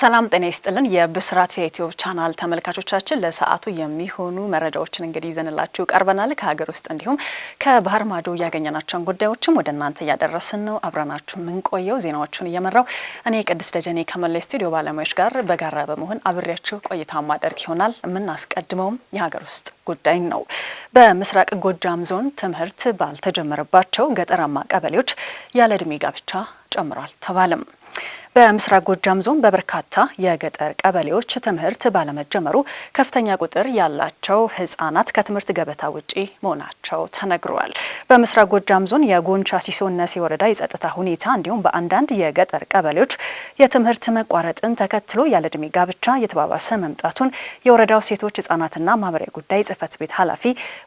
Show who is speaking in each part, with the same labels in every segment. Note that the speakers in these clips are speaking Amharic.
Speaker 1: ሰላም ጤና ይስጥልን። የብስራት የዩቲዩብ ቻናል ተመልካቾቻችን ለሰዓቱ የሚሆኑ መረጃዎችን እንግዲህ ይዘንላችሁ ቀርበናል። ከሀገር ውስጥ እንዲሁም ከባህር ማዶ ያገኘናቸውን ጉዳዮችም ወደ እናንተ እያደረስን ነው። አብረናችሁ የምንቆየው ዜናዎቹን እየመራው እኔ ቅድስት ደጀኔ ከመላይ ስቱዲዮ ባለሙያዎች ጋር በጋራ በመሆን አብሬያችሁ ቆይታ ማደርግ ይሆናል። የምናስቀድመውም የሀገር ውስጥ ጉዳይ ነው። በምስራቅ ጎጃም ዞን ትምህርት ባልተጀመረባቸው ገጠራማ ቀበሌዎች ያለ እድሜ ጋብቻ ጨምሯል ተባለም። በምስራቅ ጎጃም ዞን በበርካታ የገጠር ቀበሌዎች ትምህርት ባለመጀመሩ ከፍተኛ ቁጥር ያላቸው ህጻናት ከትምህርት ገበታ ውጪ መሆናቸው ተነግረዋል። በምስራቅ ጎጃም ዞን የጎንቻ ሲሶ እነሴ ወረዳ የጸጥታ ሁኔታ እንዲሁም በአንዳንድ የገጠር ቀበሌዎች የትምህርት መቋረጥን ተከትሎ ያለ ጋብቻ እየተባባሰ መምጣቱን የወረዳው ሴቶች ህጻናትና ማህበራዊ ጉዳይ ጽህፈት ቤት ኃላፊ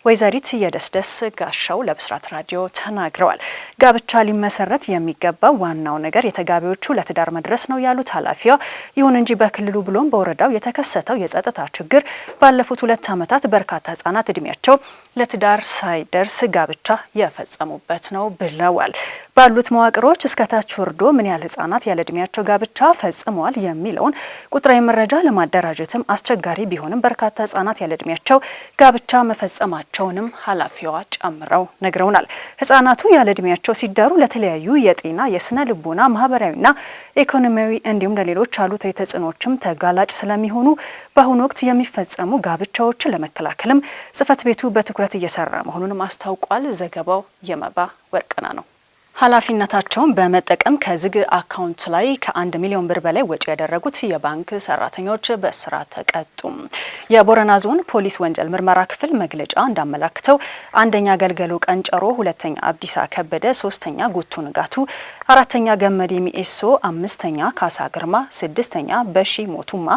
Speaker 1: ወይዘሪት የደስደስ ጋሻው ለብስራት ራዲዮ ተናግረዋል። ጋብቻ ሊመሰረት የሚገባው ዋናው ነገር የተጋቢዎቹ ለትዳር መድረስ ነው ያሉት ኃላፊዋ፣ ይሁን እንጂ በክልሉ ብሎም በወረዳው የተከሰተው የጸጥታ ችግር ባለፉት ሁለት ዓመታት በርካታ ህጻናት እድሜያቸው ለትዳር ሳይደርስ ጋብቻ የፈጸሙበት ነው ብለዋል። ባሉት መዋቅሮች እስከታች ወርዶ ምን ያህል ህጻናት ያለ እድሜያቸው ጋብቻ ፈጽመዋል የሚለውን ቁጥራዊ መረጃ ለማደራጀትም አስቸጋሪ ቢሆንም በርካታ ህጻናት ያለ እድሜያቸው ጋብቻ መፈጸማቸውንም ኃላፊዋ ጨምረው ነግረውናል። ህጻናቱ ያለ እድሜያቸው ሲዳሩ ለተለያዩ የጤና የስነ ልቦና፣ ማህበራዊና ኢኮኖሚያዊ እንዲሁም ለሌሎች አሉታዊ ተጽዕኖችም ተጋላጭ ስለሚሆኑ በአሁኑ ወቅት የሚፈጸሙ ጋብቻዎችን ለመከላከልም ጽህፈት ቤቱ በትኩረት በትኩረት እየሰራ መሆኑንም አስታውቋል። ዘገባው የመባ ወርቅና ነው። ኃላፊነታቸውን በመጠቀም ከዝግ አካውንት ላይ ከአንድ ሚሊዮን ብር በላይ ወጪ ያደረጉት የባንክ ሰራተኞች በስራ ተቀጡ። የቦረና ዞን ፖሊስ ወንጀል ምርመራ ክፍል መግለጫ እንዳመላክተው አንደኛ ገልገሉ ቀንጨሮ፣ ሁለተኛ አብዲሳ ከበደ፣ ሶስተኛ ጉቱ ንጋቱ፣ አራተኛ ገመድ ሚኤሶ፣ አምስተኛ ካሳ ግርማ፣ ስድስተኛ በሺ ሞቱማ፣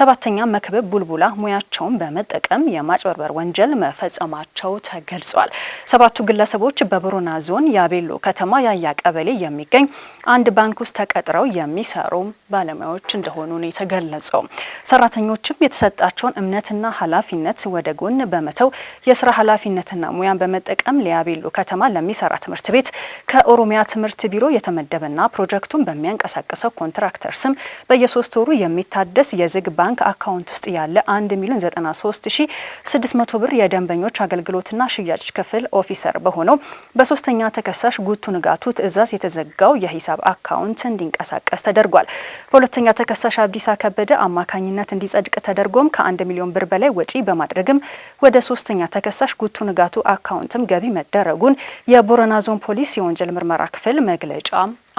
Speaker 1: ሰባተኛ መክብብ ቡልቡላ ሙያቸውን በመጠቀም የማጭበርበር ወንጀል መፈጸማቸው ተገልጿል። ሰባቱ ግለሰቦች በቦረና ዞን የአቤሎ ከተማ ያያ ቀበሌ የሚገኝ አንድ ባንክ ውስጥ ተቀጥረው የሚሰሩ ባለሙያዎች እንደሆኑ ነው የተገለጸው። ሰራተኞችም የተሰጣቸውን እምነትና ኃላፊነት ወደ ጎን በመተው የስራ ኃላፊነትና ሙያን በመጠቀም ሊያቤሎ ከተማ ለሚሰራ ትምህርት ቤት ከኦሮሚያ ትምህርት ቢሮ የተመደበና ፕሮጀክቱን በሚያንቀሳቅሰው ኮንትራክተር ስም በየሶስት ወሩ የሚታደስ የዝግ ባንክ አካውንት ውስጥ ያለ 1 ሚሊዮን 93600 ብር የደንበኞች አገልግሎትና ሽያጭ ክፍል ኦፊሰር በሆነው በሶስተኛ ተከሳሽ ጉቱ ንጋ በመዘጋቱ ትዕዛዝ የተዘጋው የሂሳብ አካውንት እንዲንቀሳቀስ ተደርጓል። በሁለተኛ ተከሳሽ አብዲሳ ከበደ አማካኝነት እንዲጸድቅ ተደርጎም ከአንድ ሚሊዮን ብር በላይ ወጪ በማድረግም ወደ ሶስተኛ ተከሳሽ ጉቱ ንጋቱ አካውንትም ገቢ መደረጉን የቦረና ዞን ፖሊስ የወንጀል ምርመራ ክፍል መግለጫ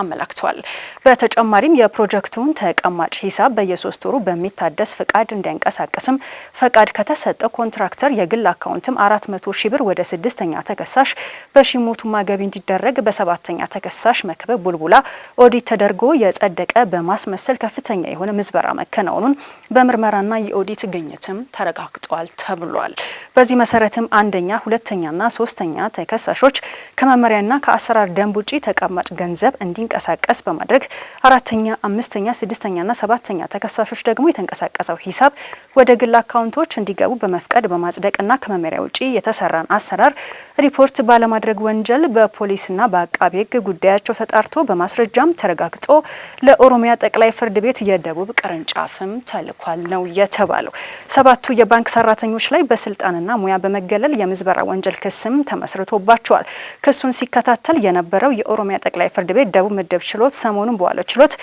Speaker 1: አመላክቷል። በተጨማሪም የፕሮጀክቱን ተቀማጭ ሂሳብ በየሶስት ወሩ በሚታደስ ፈቃድ እንዲያንቀሳቀስም ፈቃድ ከተሰጠ ኮንትራክተር የግል አካውንትም አራት መቶ ሺህ ብር ወደ ስድስተኛ ተከሳሽ በሺሞቱ ማገቢ እንዲደረግ በሰባተኛ ተከሳሽ መክበብ ቡልቡላ ኦዲት ተደርጎ የጸደቀ በማስመሰል ከፍተኛ የሆነ ምዝበራ መከናወኑን በምርመራና የኦዲት ግኝትም ተረጋግጧል ተብሏል። በዚህ መሰረትም አንደኛ፣ ሁለተኛና ሶስተኛ ተከሳሾች ከመመሪያና ከአሰራር ደንብ ውጪ ተቀማጭ ገንዘብ እንዲ እንዲንቀሳቀስ በማድረግ አራተኛ፣ አምስተኛ፣ ስድስተኛና ሰባተኛ ተከሳሾች ደግሞ የተንቀሳቀሰው ሂሳብ ወደ ግል አካውንቶች እንዲገቡ በመፍቀድ በማጽደቅና ከመመሪያ ውጪ የተሰራን አሰራር ሪፖርት ባለማድረግ ወንጀል በፖሊስና በአቃቢ ሕግ ጉዳያቸው ተጣርቶ በማስረጃም ተረጋግጦ ለኦሮሚያ ጠቅላይ ፍርድ ቤት የደቡብ ቅርንጫፍም ተልኳል ነው የተባለው። ሰባቱ የባንክ ሰራተኞች ላይ በስልጣንና ሙያ በመገለል የምዝበራ ወንጀል ክስም ተመስርቶባቸዋል። ክሱን ሲከታተል የነበረው የኦሮሚያ ጠቅላይ ፍርድ ቤት ደቡብ ምድብ ችሎት ሰሞኑን በዋለው ችሎት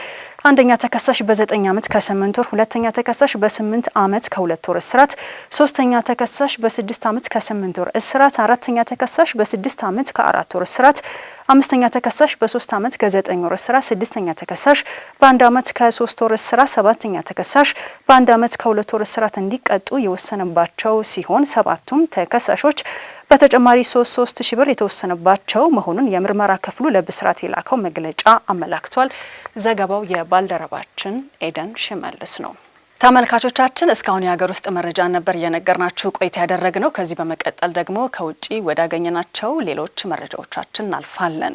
Speaker 1: አንደኛ ተከሳሽ በዘጠኝ ዓመት ከስምንት ወር፣ ሁለተኛ ተከሳሽ በስምንት ዓመት ከሁለት ወር እስራት፣ ሶስተኛ ተከሳሽ በስድስት ዓመት ከስምንት ወር እስራት፣ አራተኛ ተከሳሽ በስድስት ዓመት ከአራት ወር እስራት፣ አምስተኛ ተከሳሽ በሶስት ዓመት ከዘጠኝ ወር እስራት፣ ስድስተኛ ተከሳሽ በአንድ ዓመት ከሶስት ወር እስራት፣ ሰባተኛ ተከሳሽ በአንድ ዓመት ከሁለት ወር እስራት እንዲቀጡ የወሰነባቸው ሲሆን ሰባቱም ተከሳሾች በተጨማሪ ሶስት ሶስት ሺ ብር የተወሰነባቸው መሆኑን የምርመራ ክፍሉ ለብስራት የላከው መግለጫ አመላክቷል። ዘገባው የባልደረባችን ኤደን ሽመልስ ነው። ተመልካቾቻችን እስካሁን የሀገር ውስጥ መረጃ ነበር እየነገርናችሁ ቆይታ ያደረግ ነው። ከዚህ በመቀጠል ደግሞ ከውጭ ወዳገኘናቸው ሌሎች መረጃዎቻችን እናልፋለን።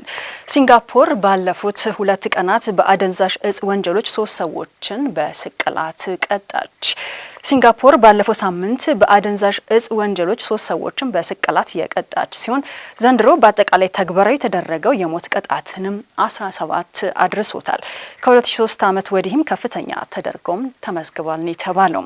Speaker 1: ሲንጋፖር ባለፉት ሁለት ቀናት በአደንዛዥ እጽ ወንጀሎች ሶስት ሰዎችን በስቅላት ቀጣች። ሲንጋፖር ባለፈው ሳምንት በአደንዛዥ እጽ ወንጀሎች ሶስት ሰዎችን በስቅላት የቀጣች ሲሆን ዘንድሮ በአጠቃላይ ተግባራዊ የተደረገው የሞት ቅጣትንም 17 አድርሶታል። ከ2003 ዓመት ወዲህም ከፍተኛ ተደርጎም ተመዝግቧል ነው የተባለው።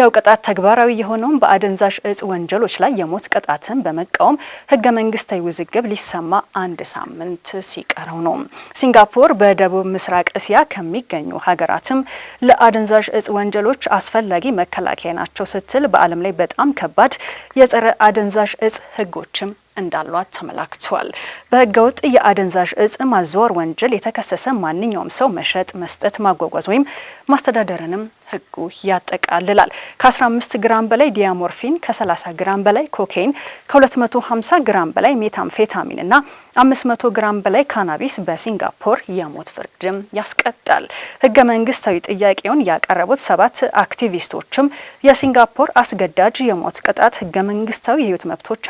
Speaker 1: ያው ቅጣት ተግባራዊ የሆነውም በአደንዛዥ እጽ ወንጀሎች ላይ የሞት ቅጣትን በመቃወም ህገ መንግስታዊ ውዝግብ ሊሰማ አንድ ሳምንት ሲቀረው ነው። ሲንጋፖር በደቡብ ምስራቅ እስያ ከሚገኙ ሀገራትም ለአደንዛዥ እጽ ወንጀሎች አስፈላጊ መከ መከላከያ ናቸው ስትል በዓለም ላይ በጣም ከባድ የጸረ አደንዛዥ እጽ ህጎችም እንዳሏት ተመላክቷል። በህገወጥ የአደንዛዥ እጽ ማዘወር ወንጀል የተከሰሰ ማንኛውም ሰው መሸጥ፣ መስጠት፣ ማጓጓዝ ወይም ማስተዳደርንም ህጉ ያጠቃልላል። ከ15 ግራም በላይ ዲያሞርፊን፣ ከ30 ግራም በላይ ኮኬይን፣ ከ250 ግራም በላይ ሜታምፌታሚን እና 500 ግራም በላይ ካናቢስ በሲንጋፖር የሞት ፍርድም ያስቀጣል። ህገ መንግስታዊ ጥያቄውን ያቀረቡት ሰባት አክቲቪስቶችም የሲንጋፖር አስገዳጅ የሞት ቅጣት ህገ መንግስታዊ የህይወት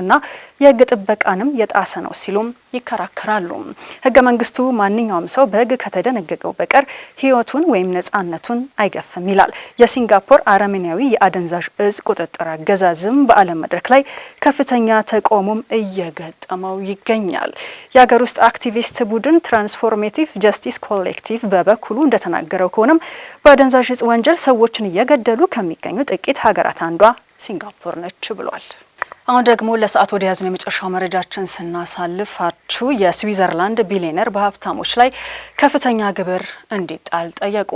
Speaker 1: እና የህግ ጥበቃንም የጣሰ ነው ሲሉም ይከራከራሉ። ህገ መንግስቱ ማንኛውም ሰው በህግ ከተደነገገው በቀር ህይወቱን ወይም ነጻነቱን አይገፍም ይላል። ተገልጿል። የሲንጋፖር አረመኔያዊ የአደንዛዥ እጽ ቁጥጥር አገዛዝም በዓለም መድረክ ላይ ከፍተኛ ተቃውሞም እየገጠመው ይገኛል። የሀገር ውስጥ አክቲቪስት ቡድን ትራንስፎርሜቲቭ ጀስቲስ ኮሌክቲቭ በበኩሉ እንደተናገረው ከሆነም በአደንዛዥ እጽ ወንጀል ሰዎችን እየገደሉ ከሚገኙ ጥቂት ሀገራት አንዷ ሲንጋፖር ነች ብሏል። አሁን ደግሞ ለሰዓት ወደ ያዝነው የመጨረሻው መረጃችን ስናሳልፋችሁ የስዊዘርላንድ ቢሊዮነር በሀብታሞች ላይ ከፍተኛ ግብር እንዲጣል ጠየቁ።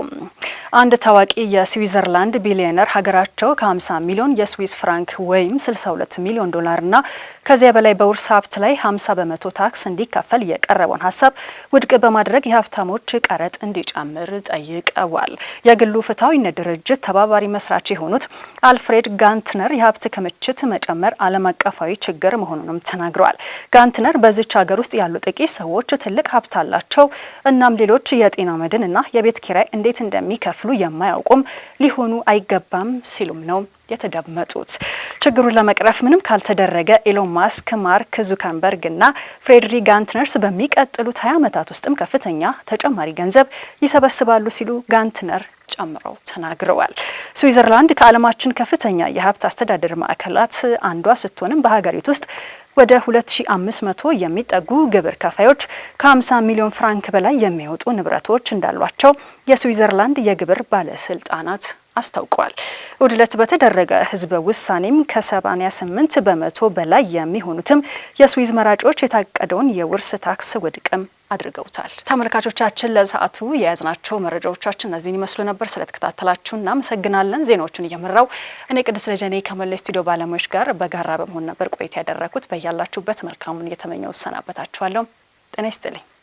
Speaker 1: አንድ ታዋቂ የስዊዘርላንድ ቢሊዮነር ሀገራቸው ከ50 ሚሊዮን የስዊስ ፍራንክ ወይም 62 ሚሊዮን ዶላርና ከዚያ በላይ በውርስ ሀብት ላይ 50 በመቶ ታክስ እንዲከፈል የቀረበውን ሀሳብ ውድቅ በማድረግ የሀብታሞች ቀረጥ እንዲጨምር ጠይቀዋል። የግሉ ፍትሐዊነት ድርጅት ተባባሪ መስራች የሆኑት አልፍሬድ ጋንትነር የሀብት ክምችት መጨመር አለ ዓለም አቀፋዊ ችግር መሆኑንም ተናግረዋል። ጋንትነር በዚች ሀገር ውስጥ ያሉ ጥቂት ሰዎች ትልቅ ሀብት አላቸው፣ እናም ሌሎች የጤና መድን እና የቤት ኪራይ እንዴት እንደሚከፍሉ የማያውቁም ሊሆኑ አይገባም ሲሉም ነው የተደመጡት። ችግሩን ለመቅረፍ ምንም ካልተደረገ ኤሎን ማስክ፣ ማርክ ዙከንበርግ እና ፍሬድሪ ጋንትነርስ በሚቀጥሉት 20 ዓመታት ውስጥም ከፍተኛ ተጨማሪ ገንዘብ ይሰበስባሉ ሲሉ ጋንትነር ጨምረው ተናግረዋል። ስዊዘርላንድ ከዓለማችን ከፍተኛ የሀብት አስተዳደር ማዕከላት አንዷ ስትሆንም በሀገሪቱ ውስጥ ወደ 2500 የሚጠጉ ግብር ከፋዮች ከ50 ሚሊዮን ፍራንክ በላይ የሚወጡ ንብረቶች እንዳሏቸው የስዊዘርላንድ የግብር ባለስልጣናት አስታውቋል። እሁድ ዕለት በተደረገ ህዝበ ውሳኔም ከ88 በመቶ በላይ የሚሆኑትም የስዊዝ መራጮች የታቀደውን የውርስ ታክስ ውድቅም አድርገውታል። ተመልካቾቻችን ለሰዓቱ የያዝናቸው መረጃዎቻችን እነዚህን ይመስሉ ነበር። ስለተከታተላችሁ እናመሰግናለን። ዜናዎቹን እየመራው እኔ ቅድስት ደጀኔ ከመላ ስቱዲዮ ባለሙያዎች ጋር በጋራ በመሆን ነበር ቆይታ ያደረግኩት። በያላችሁበት መልካሙን እየተመኘው እሰናበታችኋለሁ። ጤና ይስጥልኝ።